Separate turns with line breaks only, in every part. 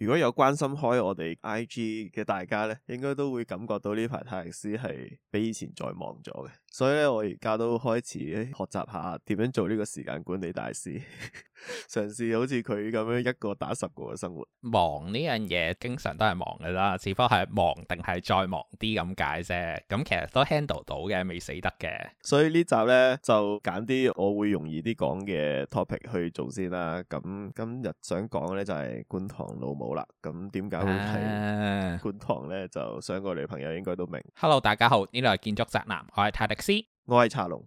如果有關心開我哋 IG 嘅大家咧，應該都會感覺到呢排泰迪斯係比以前再忙咗嘅，所以咧我而家都開始學習下點樣做呢個時間管理大師， 嘗試好似佢咁樣一個打十個嘅生活。
忙呢樣嘢經常都係忙噶啦，只不過係忙定係再忙啲咁解啫。咁其實都 handle 到嘅，未死得嘅。
所以集呢集咧就揀啲我會容易啲講嘅 topic 去做先啦。咁今日想講嘅咧就係觀塘老母。好啦，咁點解會睇？觀塘呢，uh、就想個女朋友應該都明。
Hello，大家好，呢度係建築宅男，我係泰迪斯，
我係茶龍。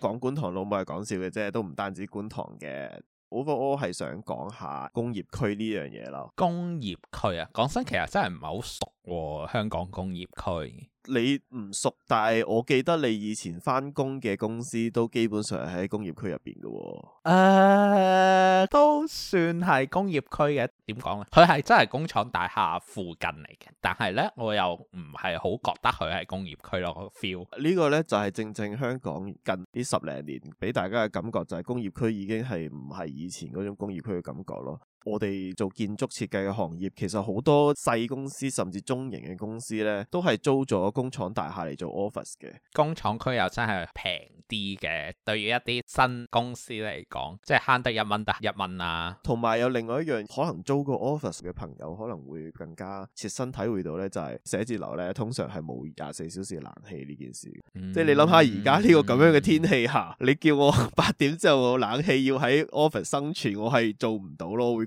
講觀塘老母係講笑嘅啫，都唔單止觀塘嘅。我個我係想講下工業區呢樣嘢咯。工業區啊，講真其實真係唔係好熟、啊、香港工業區。你唔熟，但係我記得你以前翻工嘅公司都基本上係喺工業區入邊嘅。誒、
呃，都算係工業區嘅。點講咧？
佢係真係工廠大廈附近嚟
嘅，但係咧我又唔係好覺得佢係工業區咯 fe。feel
呢個咧就係、是、正正香港近呢十零年俾大家嘅感覺就係工業區已經係唔係以前嗰種工業區嘅感覺咯。.我哋做建築設計嘅行業，其實好多細公司甚至中型嘅公司呢，都係租咗工廠大廈嚟做 office 嘅。
工廠區又真係平啲嘅，對於一啲新公司嚟講，即係慳得一蚊得一蚊
啊！同埋有，有另外一樣，可能租過 office 嘅朋友可能會更加切身體會到呢，就係、係、寫字樓呢，通常係冇廿四小時冷氣呢件事。嗯、即係你諗下而家呢個咁樣嘅天氣下，嗯嗯、你叫我八點之後冷氣要喺 office 生存，我係做唔到咯，會。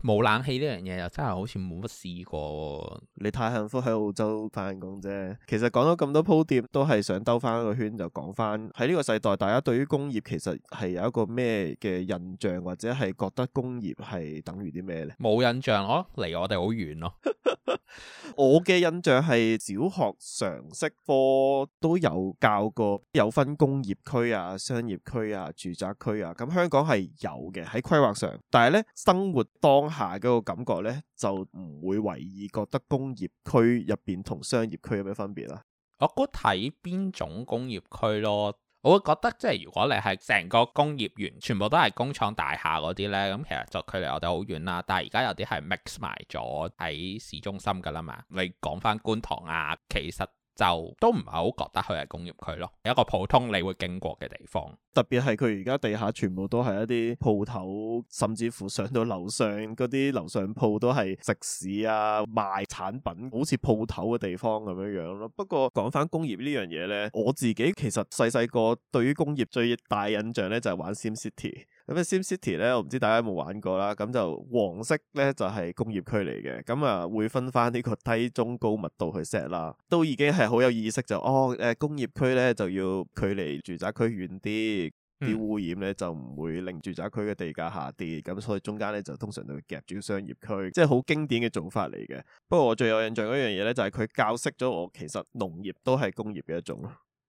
冇冷氣呢樣嘢又真係好似冇乜試過。你太幸福喺澳洲翻工啫。其實講咗咁多鋪墊，都係想兜翻個圈就講翻喺呢個世代，大家對於工業其實係有一個咩嘅印象，或者係覺得工業係等於啲咩呢？冇印象啊、哦，
離我哋好遠咯、
哦。 我嘅印象係小學常識科都有教過，有分工業區啊、商業區啊、住宅區啊。咁香港係有嘅喺規劃上，但係呢，生活當當下嗰個感覺咧，就唔會為意覺得工業區入邊同商業區有咩分別啦。
我估睇邊種工業區咯，我會覺得即係如果你係成個工業園，全部都係工廠大廈嗰啲咧，咁其實就距離我哋好遠啦。但係而家有啲係 mix 埋咗喺市中心噶啦嘛。你講翻觀塘啊，其實就都唔係好覺得佢係工業區咯，有一個普通你會經過嘅地方。
特別係佢而家地下全部都係一啲鋪頭，甚至乎上到樓上嗰啲樓上鋪都係食肆啊，賣產品，好似鋪頭嘅地方咁樣樣咯。不過講翻工業呢樣嘢咧，我自己其實細細個對於工業最大印象咧就係、是、玩 Sim City。咁啊，Sim City 咧，我唔知大家有冇玩過啦。咁就黃色咧就係、是、工業區嚟嘅，咁啊會分翻呢個低、中、高密度去 set 啦。都已經係好有意識就哦，誒工業區咧就要距離住宅區遠啲。啲、嗯、污染咧就唔會令住宅區嘅地價下跌，咁所以中間咧就通常都會夾住商業區，即係好經典嘅做法嚟嘅。不過我最有印象一樣嘢咧，就係、是、佢教識咗我，其實農業都係工業嘅一種。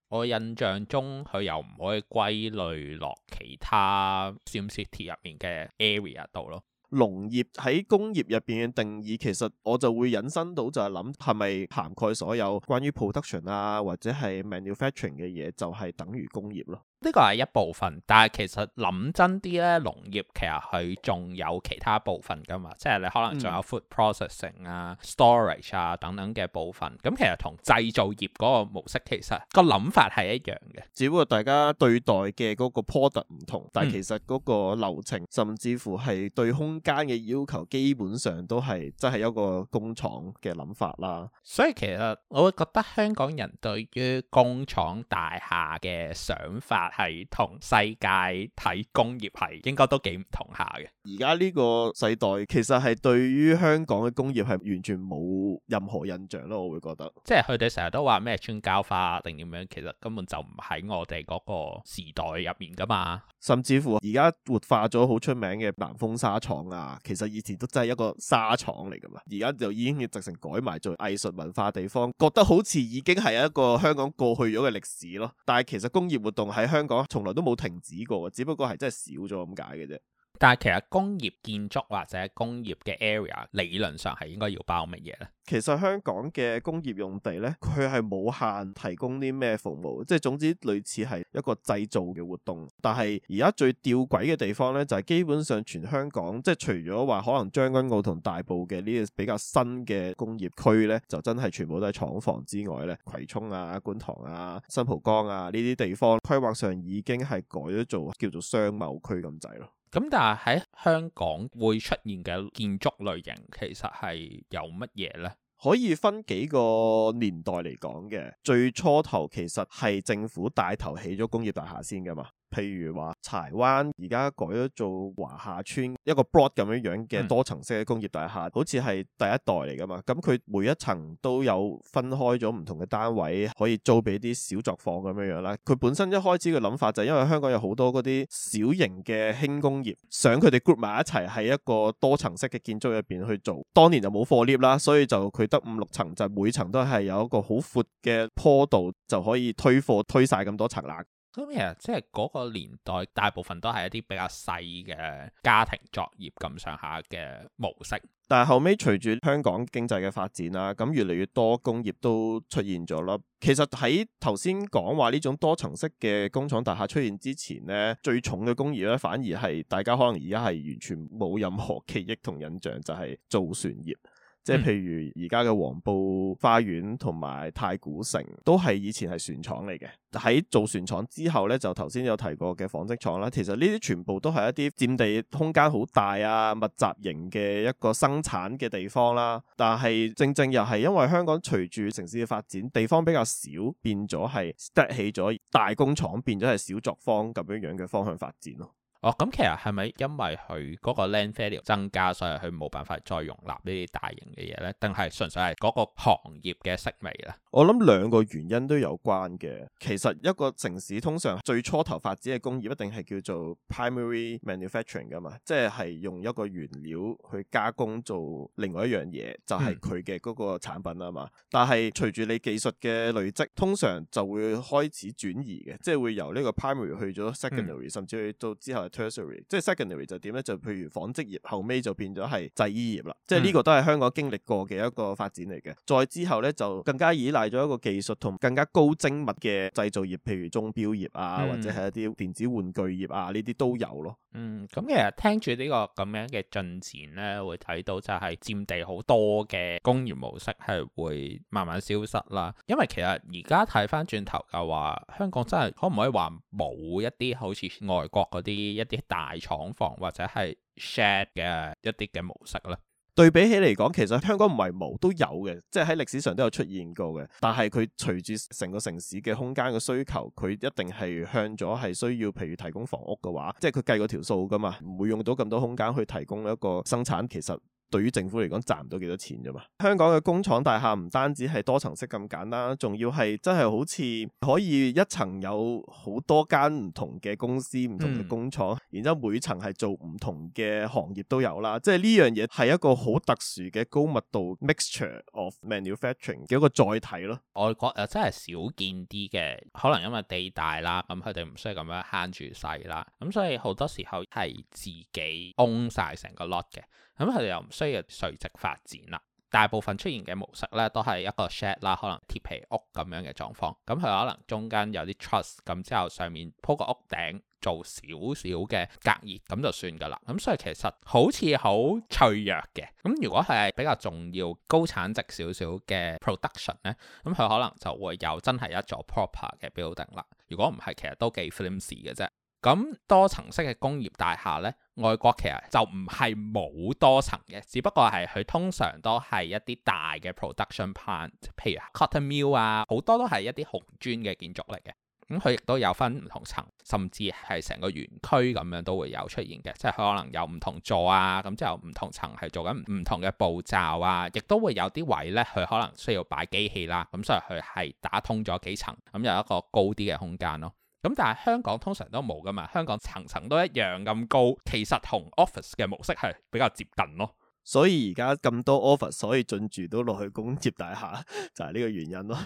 我印
象中佢又唔可以歸類落其他 SimCity 入面嘅 area 度咯。
農業喺工業入邊嘅定義，其實我就會引申到就係諗係咪涵蓋所有關於 production 啊或者係 manufacturing 嘅嘢，就係等於工業咯。呢個係一部分，
但係其實諗真啲咧，農業其實佢仲有其他部分噶嘛，即係你可能仲有 food processing 啊、storage 啊等等嘅部分。咁其實同製造業嗰個模式其實個諗法係一
樣嘅，只不過大家對待嘅嗰個 product 唔同，但係其實嗰個流程甚至乎係對空間嘅要求基本上都係真係一個工廠嘅諗法啦。
所以其實我會覺得香港人對於工廠大廈嘅想法，係同世界睇工業係應該都幾唔同
下嘅。而家呢個世代其實係對於香港嘅工業係完全冇任何印象咯，我會覺得
即常常、啊。即係佢哋成日都話咩穿膠花，定點樣，其實根本就唔喺我哋嗰個時代入面噶嘛。
甚至乎而家活化咗好出名嘅南豐紗廠啊，其實以前都真係一個紗廠嚟噶嘛。而家就已經要直成改埋做藝術文化地方，覺得好似已經係一個香港過去咗嘅歷史咯。但係其實工業活動喺香港講從來都冇停止過，只不過，係真係少咗咁解嘅啫。
但係，其實工業建築或者工業嘅 area 理論上係應該要包乜嘢咧？
其實香港嘅工業用地咧，佢係冇限提供啲咩服務，即係總之類似係一個製造嘅活動。但係而家最吊詭嘅地方咧，就係、是、基本上全香港即係除咗話可能將軍澳同大埔嘅呢啲比較新嘅工業區咧，就真係全部都係廠房之外咧，葵涌啊、觀塘啊、新蒲崗啊呢啲地方規劃上已經係改咗做叫做商貿區咁滯咯。咁但
係喺香港會出現嘅建築類型其實係有乜嘢呢？
可以分幾個年代嚟講嘅。最初頭其實係政府帶頭起咗工業大廈先㗎嘛。譬如話柴灣而家改咗做華廈邨一個 Broad 咁樣樣嘅多層式嘅工業大廈，mm. 好似係第一代嚟噶嘛。咁佢每一層都有分開咗唔同嘅單位，可以租俾啲小作坊咁樣樣啦。佢本身一開始嘅諗法就係因為香港有好多嗰啲小型嘅輕工業，想佢哋 group 埋一齊喺一個多層式嘅建築入邊去做。當年就冇貨 lift 啦，所以就佢得五六層，就每層都係有一個好闊嘅坡度，就可以推貨推晒咁多層樓。
咁其實即係嗰個年代，大部分都係一啲比較細嘅家庭作業咁上下嘅
模式。但係後尾，隨住香港經濟嘅發展啦，咁越嚟越多工業都出現咗啦。其實喺頭先講話呢種多層式嘅工廠大廈出現之前呢，最重嘅工業咧，反而係大家可能而家係完全冇任何記憶同印象，就係造船業。即係譬如而家嘅黃埔花園同埋太古城，都係以前係船廠嚟嘅。喺做船廠之後咧，就頭先有提過嘅紡織廠啦。其實呢啲全部都係一啲佔地空間好大啊、密集型嘅一個生產嘅地方啦。但係正正又係因為香港隨住城市嘅發展，地方比較少，變咗係得起咗大工廠，變咗係小作坊咁樣樣嘅方向發展咯。哦，咁其實係咪因為
佢嗰個 land value 增加，所以佢冇辦法再容納呢啲大型嘅嘢咧？定係純粹係嗰個行業嘅式微咧？
我諗兩個原因都有關嘅。其實一個城市通常最初頭發展嘅工業一定係叫做 primary manufacturing 噶嘛，即係用一個原料去加工做另外一樣嘢，就係佢嘅嗰個產品啊嘛。嗯、但係隨住你技術嘅累積，通常就會開始轉移嘅，即係會由呢個 primary 去咗 secondary，嗯、甚至去到之後。Tertiary, 即係 secondary 就點咧？就譬如紡織業後尾就變咗係製衣業啦，即係呢個都係香港經歷過嘅一個發展嚟嘅。嗯、再之後咧就更加依賴咗一個技術同更加高精密嘅製造業，譬如鐘錶業啊，嗯、或者係一啲電子玩具業啊，呢啲都有咯。嗯，咁其實聽
住呢、呢個咁樣嘅進展咧，會睇到就係佔地好多嘅工業模式係會慢慢消失啦。因為其實而家睇翻轉頭嘅話，香港真係可唔可以話冇一啲好似外國嗰啲一啲大廠房或者係 shed 嘅一啲嘅模式
咧，對比起嚟講，其實香港唔係冇都有嘅，即係喺歷史上都有出現過嘅。但係佢隨住成個城市嘅空間嘅需求，佢一定係向咗係需要，譬如提供房屋嘅話，即係佢計過條數噶嘛，唔會用到咁多空間去提供一個生產，其實。對於政府嚟講，賺唔到幾多錢啫嘛。香港嘅工廠大廈唔單止係多層式咁簡單，仲要係真係好似可以一層有好多間唔同嘅公司、唔同嘅工廠，嗯、然之後每層係做唔同嘅行業都有啦。即係呢樣嘢係一個好特殊嘅高密度 mixture of manufacturing 嘅一個載體咯。
外國又真係少見啲嘅，可能因為地大啦，咁佢哋唔需要咁樣慳住細啦，咁所以好多時候係自己 own 曬成個 lot 嘅。咁佢哋又唔需要垂直發展啦，大部分出現嘅模式咧都係一個 shed 啦，可能鐵皮屋咁樣嘅狀況。咁佢可能中間有啲 truss 咁之後上面鋪個屋頂做少少嘅隔熱咁就算㗎啦。咁所以其實好似好脆弱嘅。咁如果係比較重要、高產值少少嘅 production 咧，咁佢可能就會有真係一座 proper 嘅 building 啦。如果唔係，其實都幾 flimsy 嘅啫。咁多層式嘅工業大廈咧。外國其實就唔係冇多層嘅，只不過係佢通常都係一啲大嘅 production plant，譬如 cotton mill 啊，好多都係一啲紅磚嘅建築嚟嘅。咁佢亦都有分唔同層，甚至係成個園區咁樣都會有出現嘅，即係佢可能有唔同座啊，咁之後唔同層係做緊唔同嘅步驟啊，亦都會有啲位咧，佢可能需要擺機器啦。咁所以佢係打通咗幾層，咁有一個高啲嘅空間咯。咁但係香港通常都冇噶嘛，香港層層都一樣咁高，其實同 office 嘅模式係比較接
近咯。所以而家咁多 office，所以進駐都落去工業大廈，就係、是、呢個原因咯。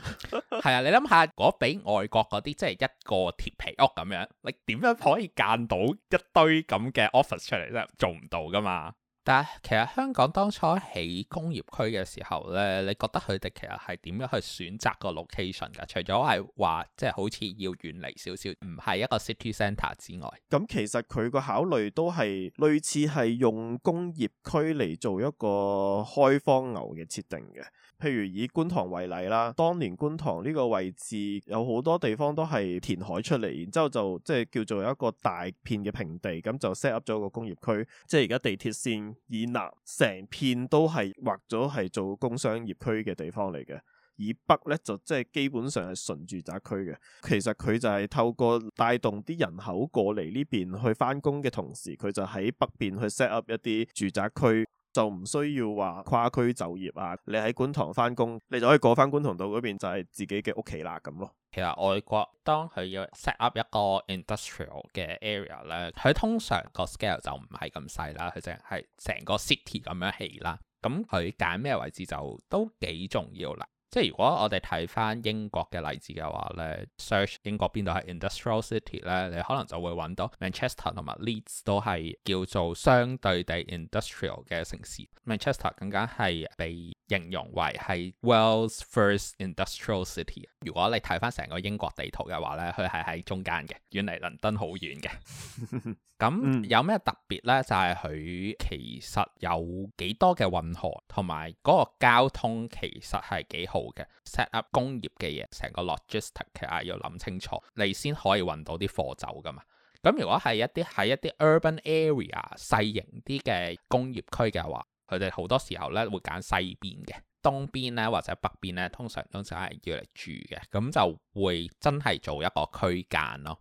係 啊，你諗下，如果
俾外國嗰啲即係一個鐵皮屋咁樣，你點樣可以間到一堆咁嘅 office 出嚟？即係做唔到噶嘛。但係其實香港當初起工業區嘅時候咧，你覺得佢哋其實係點樣去選擇個 location 㗎？除咗係話即係好似要遠離少少，唔係一個 city centre 之外，
咁其實佢個考慮都係類似係用工業區嚟做一個開荒牛嘅設定嘅。譬如以觀塘為例啦，當年觀塘呢個位置有好多地方都係填海出嚟，然之後就即係、就是、叫做一個大片嘅平地，咁就 set up 咗個工業區。即係而家地鐵線以南成片都係劃咗係做工商業區嘅地方嚟嘅，以北呢就即係基本上係純住宅區嘅。其實佢就係透過帶動啲人口過嚟呢邊去翻工嘅同時，佢就喺北邊去 set up 一啲住宅區。就唔需要話跨區就業啊！你喺觀塘翻工，你就可以過翻觀塘道嗰邊就係自己嘅屋企啦咁咯。
其實外國當佢要 set up 一個 industrial 嘅 area 咧，佢通常個 scale 就唔係咁細啦，佢淨係成個 city 咁樣起啦。咁佢揀咩位置就都幾重要啦。即係如果我哋睇翻英國嘅例子嘅話咧，search 英國邊度係 industrial city 咧，你可能就會搵到 Manchester 同埋 Leeds 都係叫做相對地 industrial 嘅城市。Manchester 更加係被形容為係 world's first industrial city。如果你睇翻成個英國地圖嘅話咧，佢係喺中間嘅，遠離倫敦好遠嘅。咁 有咩特別咧？就係、是、佢其實有幾多嘅運河，同埋個交通其實係幾好。set up 工業嘅嘢，成個 logistic 啊要諗清楚，你先可以運到啲貨走㗎嘛。咁如果係一啲喺一啲 urban area 細型啲嘅工業區嘅話，佢哋好多時候咧會揀西邊嘅、東邊咧或者北邊咧，通常都就係要嚟住嘅，咁就會真係做一個區間咯。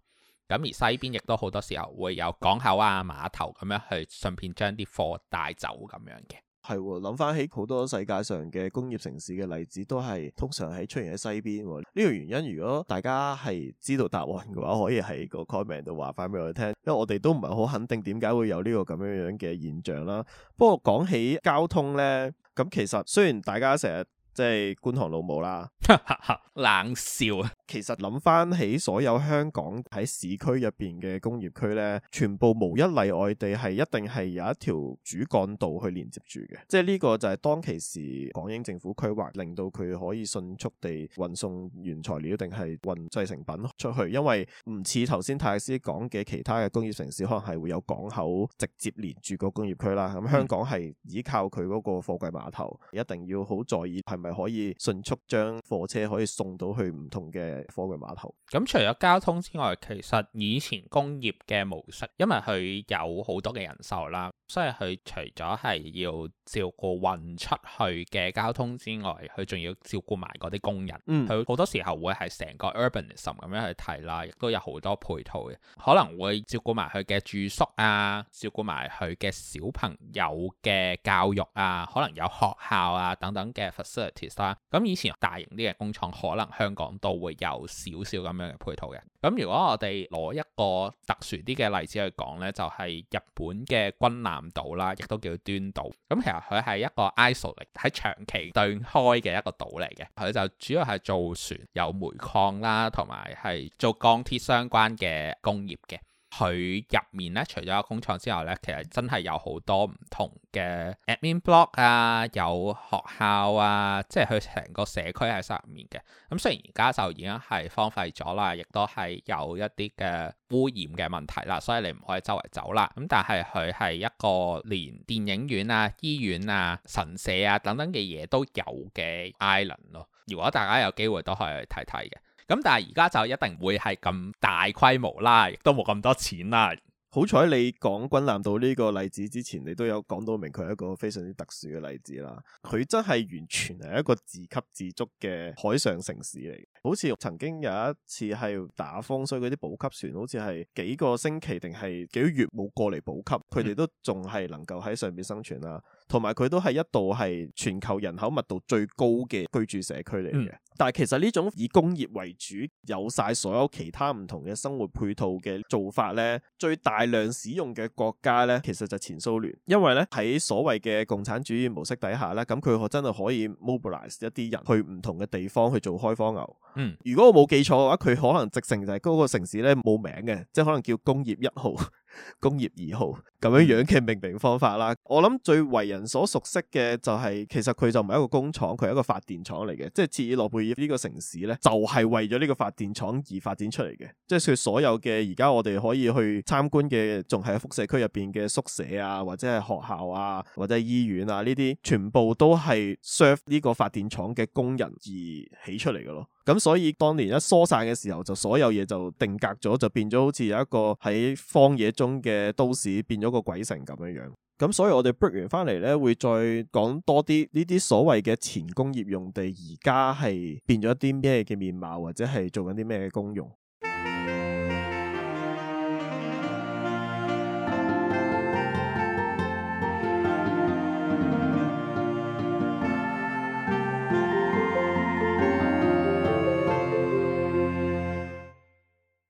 咁而西邊亦都好多時候會有港口啊、碼頭咁樣去順便將啲貨帶走咁樣嘅。
係喎，諗翻起好多世界上嘅工業城市嘅例子都，都係通常喺出現喺西邊。呢、這個原因，如果大家係知道答案嘅話，可以喺個 comment 度話翻俾我哋聽。因為我哋都唔係好肯定點解會有呢個咁樣樣嘅現象啦。不過講起交通呢，咁其實雖然大家成日。即係觀塘老母啦， 冷笑啊！其實諗翻起所有香港喺市區入邊嘅工業區呢，全部無一例外地係一定係有一條主幹道去連接住嘅。即係呢個就係當其時港英政府規劃，令到佢可以迅速地運送原材料定係運製成品出去，因為唔似頭先泰斯講嘅其他嘅工業城市，可能係會有港口直接連住個工業區啦。咁香港係依靠佢嗰個貨櫃碼頭，一定要好在意係咪係可以迅速將貨車可以送到去唔同嘅貨櫃碼頭，
咁除咗交通之外，其實以前工業嘅模式，因為佢有好多嘅人手啦。所以佢除咗係要照顧運出去嘅交通之外，佢仲要照顧埋嗰啲工人。佢好、嗯、多時候會係成個 urbanism 咁樣去睇啦，亦都有好多配套嘅，可能會照顧埋佢嘅住宿啊，照顧埋佢嘅小朋友嘅教育啊，可能有學校啊等等嘅 facilities 啦、啊。咁以前大型啲嘅工廠可能香港都會有少少咁樣嘅配套嘅。咁如果我哋攞一個特殊啲嘅例子去講呢，就係、是、日本嘅軍艦島啦，亦都叫端島。咁其實佢係一個 i s o 嚟，喺長期對開嘅一個島嚟嘅，佢就主要係造船、有煤礦啦，同埋係做鋼鐵相關嘅工業嘅。佢入面咧，除咗有工廠之外咧，其實真係有好多唔同嘅 admin block 啊，有學校啊，即係佢成個社區喺曬入面嘅。咁雖然而家就已經係荒廢咗啦，亦都係有一啲嘅污染嘅問題啦，所以你唔可以周圍走啦。咁但係佢係一個連電影院啊、醫院啊、神社啊等等嘅嘢都有嘅 island 咯。如果大家有機會都可以去睇睇嘅。咁但係而家就一定會係咁大規模啦，亦都冇咁多錢啦。
好彩你講軍艦島呢個例子之前，你都有講到明佢係一個非常之特殊嘅例子啦。佢真係完全係一個自給自足嘅海上城市嚟。好似曾經有一次係打風，所以嗰啲補給船好似係幾個星期定係幾個月冇過嚟補給，佢哋都仲係能夠喺上面生存啦。同埋佢都係一度係全球人口密度最高嘅居住社區嚟嘅。但係其實呢種以工業為主，有晒所有其他唔同嘅生活配套嘅做法呢，最大量使用嘅國家呢，其實就係前蘇聯，因為呢喺所謂嘅共產主義模式底下呢，咁佢可真係可以 mobilise 一啲人去唔同嘅地方去做開荒牛。嗯，如果我冇記錯嘅話，佢可能直情就係嗰個城市咧冇名嘅，即係可能叫工業一號。 工業二號咁樣樣嘅命名方法啦，我諗最為人所熟悉嘅就係，其實佢就唔係一個工廠，佢係一個發電廠嚟嘅。即係切爾諾貝爾呢個城市咧，就係為咗呢個發電廠而發展出嚟嘅。即係佢所有嘅而家我哋可以去參觀嘅，仲係喺輻射區入邊嘅宿舍啊，或者係學校啊，或者係醫院啊呢啲，全部都係 serve 呢個發電廠嘅工人而起出嚟嘅咯。咁所以當年一疏散嘅時候，就所有嘢就定格咗，就變咗好似有一個喺荒野中。嘅都市變咗個鬼城咁樣樣，咁所以我哋 break 完翻嚟咧，會再講多啲呢啲所謂嘅前工業用地，而家係變咗啲咩嘅面貌，或者係做緊啲咩功用？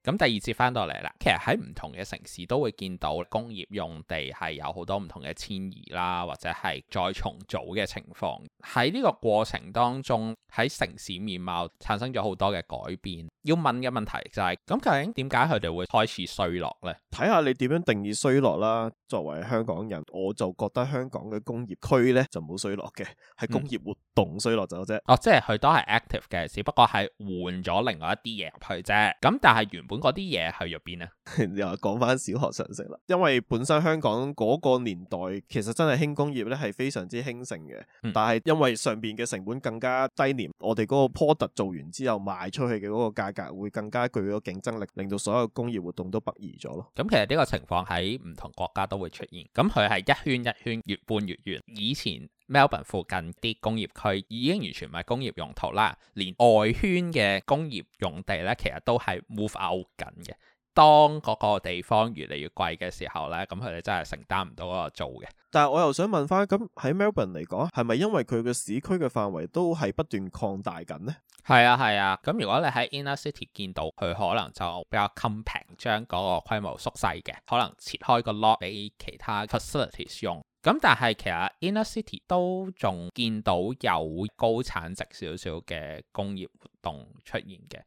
咁第二節翻到嚟啦，其實喺唔同嘅城市都會見到工業用地係有好多唔同嘅遷移啦，或者係再重組嘅情況。喺呢個過程當中，喺城市面貌產生咗好多嘅改變。要問嘅問題就係、是、咁究竟點解佢哋會開始衰落呢？
睇下你點樣定義衰落啦。作為香港人，我就覺得香港嘅工業區呢，就冇衰落嘅，係工業活動衰落咗啫。嗯、哦，即係
佢都係 active 嘅，只不過係換咗另外一啲嘢入去啫。咁但係原本嗰
啲嘢去咗邊呢？ 又講翻小學常識啦。因為本身香港嗰個年代其實真係輕工業呢，係非常之興盛嘅，嗯、但係因為上邊嘅成本更加低廉，我哋嗰個 product 做完之後賣出去嘅嗰個價。會更加具有競爭力，令到所有工業活動都北移咗咯。
咁其實呢個情況喺唔同國家都會出現。咁佢係一圈一圈越搬越遠。以前 Melbourne 附近啲工業區已經完全唔係工業用途啦，連外圈嘅工業用地咧，其實都係 move out 緊嘅。當嗰個地方越嚟越貴嘅時候咧，咁佢哋真係承擔唔到嗰個租
嘅。但係我又想問翻，咁喺 Melbourne 嚟講，係咪因為佢嘅市區嘅範圍都係不斷擴大緊呢？
係啊係啊，咁、啊、如果你喺 Inner City 見到，佢可能就比較 c o m 將嗰個規模縮細嘅，可能切開個 lock 俾其他 facilities 用。咁但係其實 Inner City 都仲見到有高產值少少嘅工業活動出現嘅。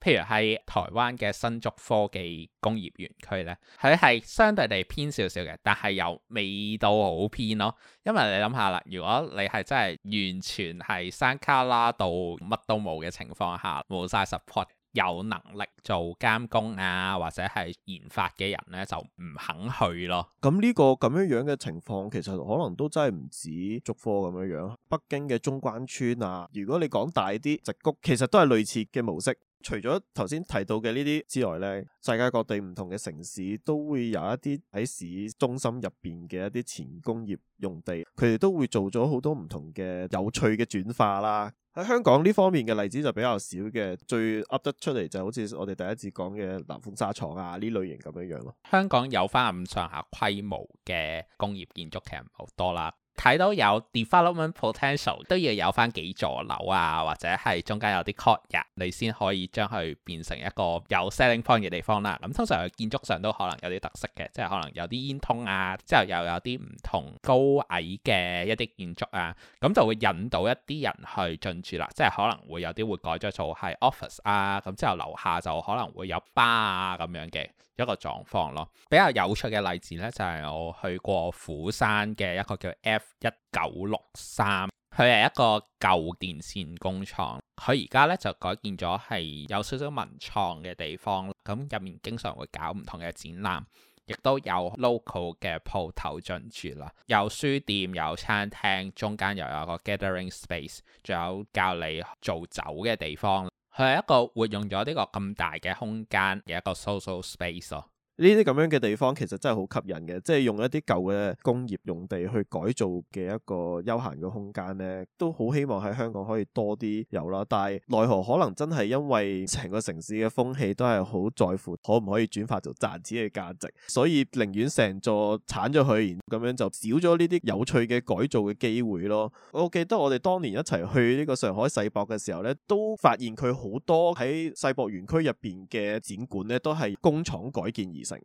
譬如係台灣嘅新竹科技工業園區咧，佢係相對地偏少少嘅，但係又未到好偏咯。因為你諗下啦，如果你係真係完全係山卡拉到乜都冇嘅情況下，冇晒 support，有能力做監工啊或者係研發嘅人咧，就唔肯去咯。
咁呢個咁樣樣嘅情況，其實可能都真係唔止竹科咁樣樣。北京嘅中關村啊，如果你講大啲，矽谷其實都係類似嘅模式。除咗頭先提到嘅呢啲之外呢，世界各地唔同嘅城市都會有一啲喺市中心入邊嘅一啲前工業用地，佢哋都會做咗好多唔同嘅有趣嘅轉化啦。喺香港呢方面嘅例子就比較少嘅，最噏得出嚟，就好似我哋第一次講嘅南豐紗廠啊呢類型咁樣樣咯。香港
有返咁上下規模嘅工業建築嘅其實唔好多啦。睇到有 development potential，都要有翻幾座樓啊，或者係中間有啲 courtyard，你先可以將佢變成一個有 selling point 嘅地方啦。咁通常佢建築上都可能有啲特色嘅，即係可能有啲煙筒啊，之後又有啲唔同高矮嘅一啲建築啊，咁就會引到一啲人去進駐啦。即係可能會有啲會改咗做係 office 啊，咁之後樓下就可能會有 bar 啊咁樣嘅。一個狀況咯，比較有趣嘅例子呢，就係、是、我去過釜山嘅一個叫 F 一九六三，佢係一個舊電線工廠，佢而家呢就改建咗係有少少文創嘅地方，咁入面經常會搞唔同嘅展覽，亦都有 local 嘅鋪頭進駐啦，有書店、有餐廳，中間又有個 gathering space，仲有教你做酒嘅地方。佢係一個活用咗呢個咁大嘅空間嘅一個 social space 咯。
呢啲咁樣嘅地方其實真係好吸引嘅，即係用一啲舊嘅工業用地去改造嘅一個休閒嘅空間呢，都好希望喺香港可以多啲有啦。但係奈何可能真係因為成個城市嘅風氣都係好在乎可唔可以轉化做賺錢嘅價值，所以寧願成座鏟咗佢，咁樣就少咗呢啲有趣嘅改造嘅機會咯。我記得我哋當年一齊去呢個上海世博嘅時候呢，都發現佢好多喺世博園區入邊嘅展館呢，都係工廠改建而成。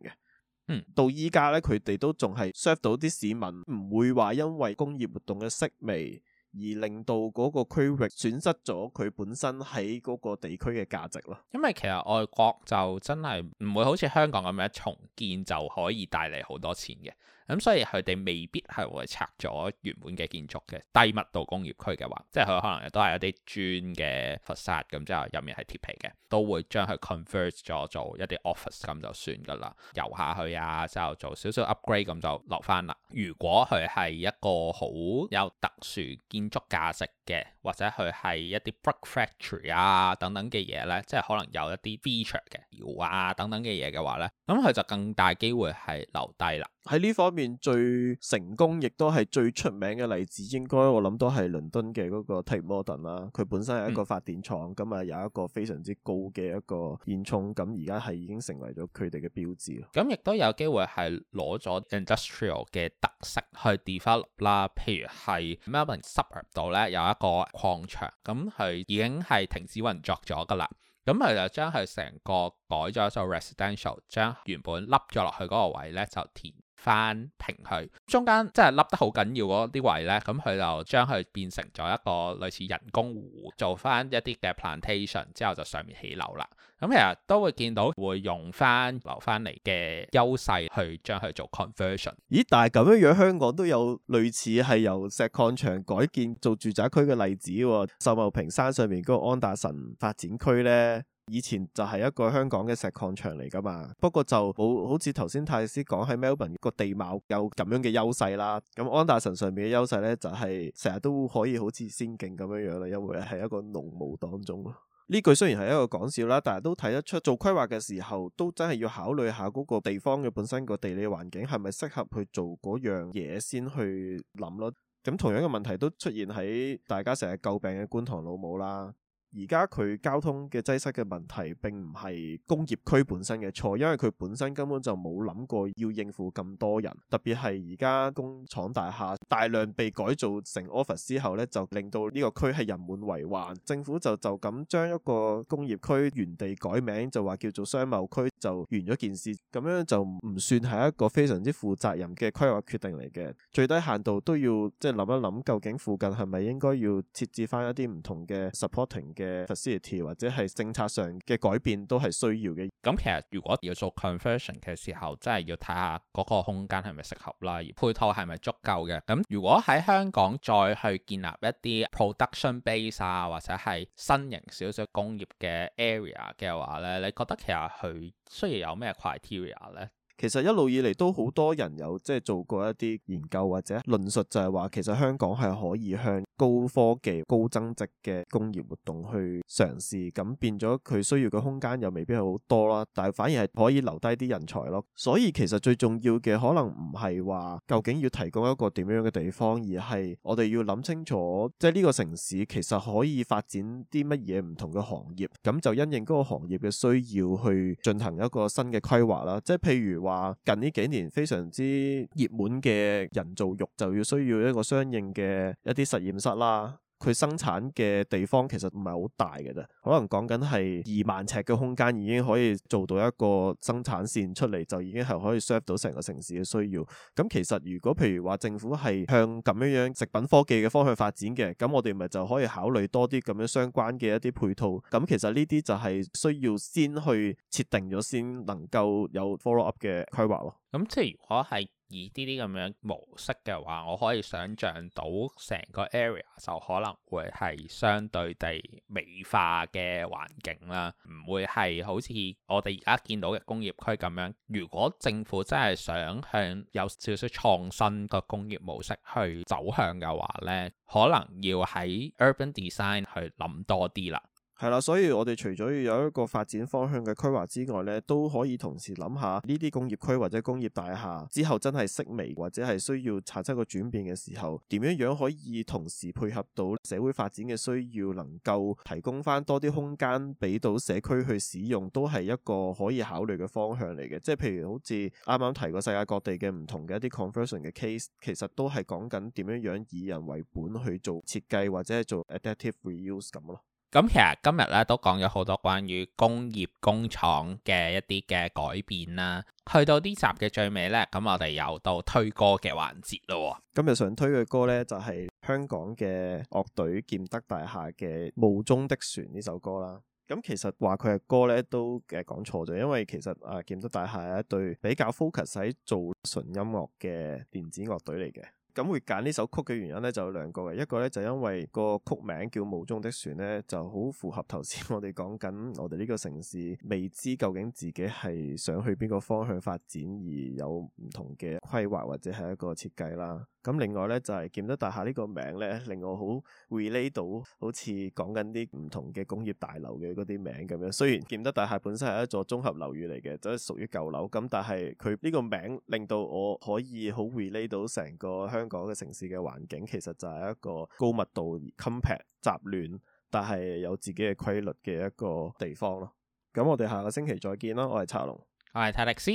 嗯、到依家咧，佢哋都仲係 serve 到啲市民，唔會話因為工業活動嘅式微而令到嗰個區域損失咗佢本身喺嗰個地區嘅價值咯。
因為其實外國就真係唔會好似香港咁樣重建就可以帶嚟好多錢嘅。咁、嗯、所以佢哋未必係會拆咗原本嘅建築嘅低密度工業區嘅話，即係佢可能都係一啲磚嘅佛沙，咁之後入面係鐵皮嘅，都會將佢 converse 咗做一啲 office 咁就算噶啦，遊下去啊之後做少少 upgrade 咁就落翻啦。如果佢係一個好有特殊建築價值嘅。或者佢係一啲 brick factory 啊等等嘅嘢咧，即係可能有一啲 feature 嘅搖啊等等嘅嘢嘅話咧，咁佢就更大機會係留低啦。
喺呢方面最成功亦都係最出名嘅例子，應該我諗都係倫敦嘅嗰個 Tate Modern 啦。佢本身係一個發電廠，咁啊、嗯、有一個非常之高嘅一個煙囪，咁而家係已經成為咗佢哋嘅標誌。
咁亦都有機會係攞咗 industrial 嘅特色去 develop 啦，譬如係 Melbourne Suburb 度咧有一個。礦場，咁佢已經係停止運作咗噶啦，咁佢就將，佢成個改咗做 residential，將原本凹咗落去嗰個位咧就填。翻平去，中間真係凹，凹得好緊要嗰啲位咧，咁佢就將佢變成咗一個類似人工湖，做翻一啲嘅 plantation，之後就上面起樓啦。咁其實都會見到會用翻留翻嚟嘅優勢去將佢做 conversion。
咦，但係咁樣樣香港都有類似係由石礦場改建做住宅區嘅例子喎，哦？秀茂坪山上面嗰個安達臣發展區咧。以前就係一個香港嘅石礦場嚟噶嘛，不過就好好似頭先泰斯講喺 Melbourne 個地貌有咁樣嘅優勢啦，咁安達臣上面嘅優勢咧就係成日都可以好似仙境咁樣樣啦，因為係一個濃霧當中。呢 句雖然係一個講笑啦，但係都睇得出做規劃嘅時候都真係要考慮下嗰個地方嘅本身個地理環境係咪適合去做嗰樣嘢先去諗咯。咁同樣嘅問題都出現喺大家成日詬病嘅觀塘老母啦。而家佢交通嘅擠塞嘅問題並唔係工業區本身嘅錯，因為佢本身根本就冇諗過要應付咁多人，特別係而家工廠大廈大量被改造成 office 之後咧，就令到呢個區係人滿為患。政府就就咁將一個工業區原地改名，就話叫做商貿區就完咗件事，咁樣就唔算係一個非常之負責任嘅規劃決定嚟嘅。最低限度都要即係諗一諗究竟附近係咪應該要設置翻一啲唔同嘅 supporting 嘅。嘅 facility 或者係政策上嘅改變都係需要嘅。咁其實如果要做 conversion 嘅時候，真係要睇下嗰個空間係咪適合啦，而配套係咪
足夠嘅。咁如果喺香港再去建立一啲 production base 啊，或者係新型少少工業嘅 area 嘅話咧，你覺得其實佢需要有咩 criteria 咧？
其實一路以嚟都好多人有即係做過一啲研究或者論述，就係話其實香港係可以向高科技、高增值嘅工業活動去嘗試，咁變咗佢需要嘅空間又未必係好多啦，但係反而係可以留低啲人才咯。所以其實最重要嘅可能唔係話究竟要提供一個點樣嘅地方，而係我哋要諗清楚，即係呢個城市其實可以發展啲乜嘢唔同嘅行業，咁就因應嗰個行業嘅需要去進行一個新嘅規劃啦。即係譬如，話近呢幾年非常之熱門嘅人造肉，就要需要一個相應嘅一啲實驗室啦。佢生產嘅地方其實唔係好大嘅啫，可能講緊係二萬尺嘅空間已經可以做到一個生產線出嚟，就已經係可以 serve 到成個城市嘅需要。咁、嗯、其實如果譬如話政府係向咁樣樣食品科技嘅方向發展嘅，咁、嗯、我哋咪就可以考慮多啲咁樣相關嘅一啲配套。咁、嗯、其實呢啲就係需要先去設定咗先，能夠有 follow up 嘅規劃咯。咁即係
話係。以呢啲咁樣模式嘅話，我可以想象到成個 area 就可能會係相對地美化嘅環境啦，唔會係好似我哋而家見到嘅工業區咁樣。如果政府真係想向有少少創新嘅工業模式去走向嘅話咧，可能要喺 urban design 去諗多啲啦。
係啦，所以我哋除咗要有一個發展方向嘅規劃之外咧，都可以同時諗下呢啲工業區或者工業大廈之後真係式微或者係需要產生個轉變嘅時候，點樣樣可以同時配合到社會發展嘅需要，能夠提供翻多啲空間俾到社區去使用，都係一個可以考慮嘅方向嚟嘅。即係譬如好似啱啱提過世界各地嘅唔同嘅一啲 conversion 嘅 case，其實都係講緊點樣樣以人為本去做設計或者係做 adaptive reuse 咁咯。
咁其實今日咧都講咗好多關於工業工廠嘅一啲嘅改變啦。去到呢集嘅最尾咧，咁我哋又到推歌嘅環節咯。
今日想推嘅歌咧，就係香港嘅樂隊儉德大廈嘅《霧中的船》呢首歌啦。咁其實話佢嘅歌咧都嘅講錯咗，因為其實啊，儉德大廈係一隊比較 focus 喺做純音樂嘅電子樂隊嚟嘅。咁會揀呢首曲嘅原因咧就有兩個嘅，一個咧就因為個曲名叫霧中的船咧，就好符合頭先我哋講緊我哋呢個城市未知究竟自己係想去邊個方向發展而有唔同嘅規劃或者係一個設計啦。咁另外咧就係、是、儉德大廈呢個名咧，令我 rel 好 relate 到好似講緊啲唔同嘅工業大樓嘅嗰啲名咁樣。雖然儉德大廈本身係一座綜合樓宇嚟嘅，就係、是、屬於舊樓。咁但係佢呢個名令到我可以好 relate 到成個香港嘅城市嘅環境，其實就係一個高密度 compact 雜亂，但係有自己嘅規律嘅一個地方咯。咁我哋下個星期再見咯。我係查龍，
我係泰力斯，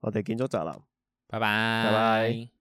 我哋建築宅男，拜拜，拜拜。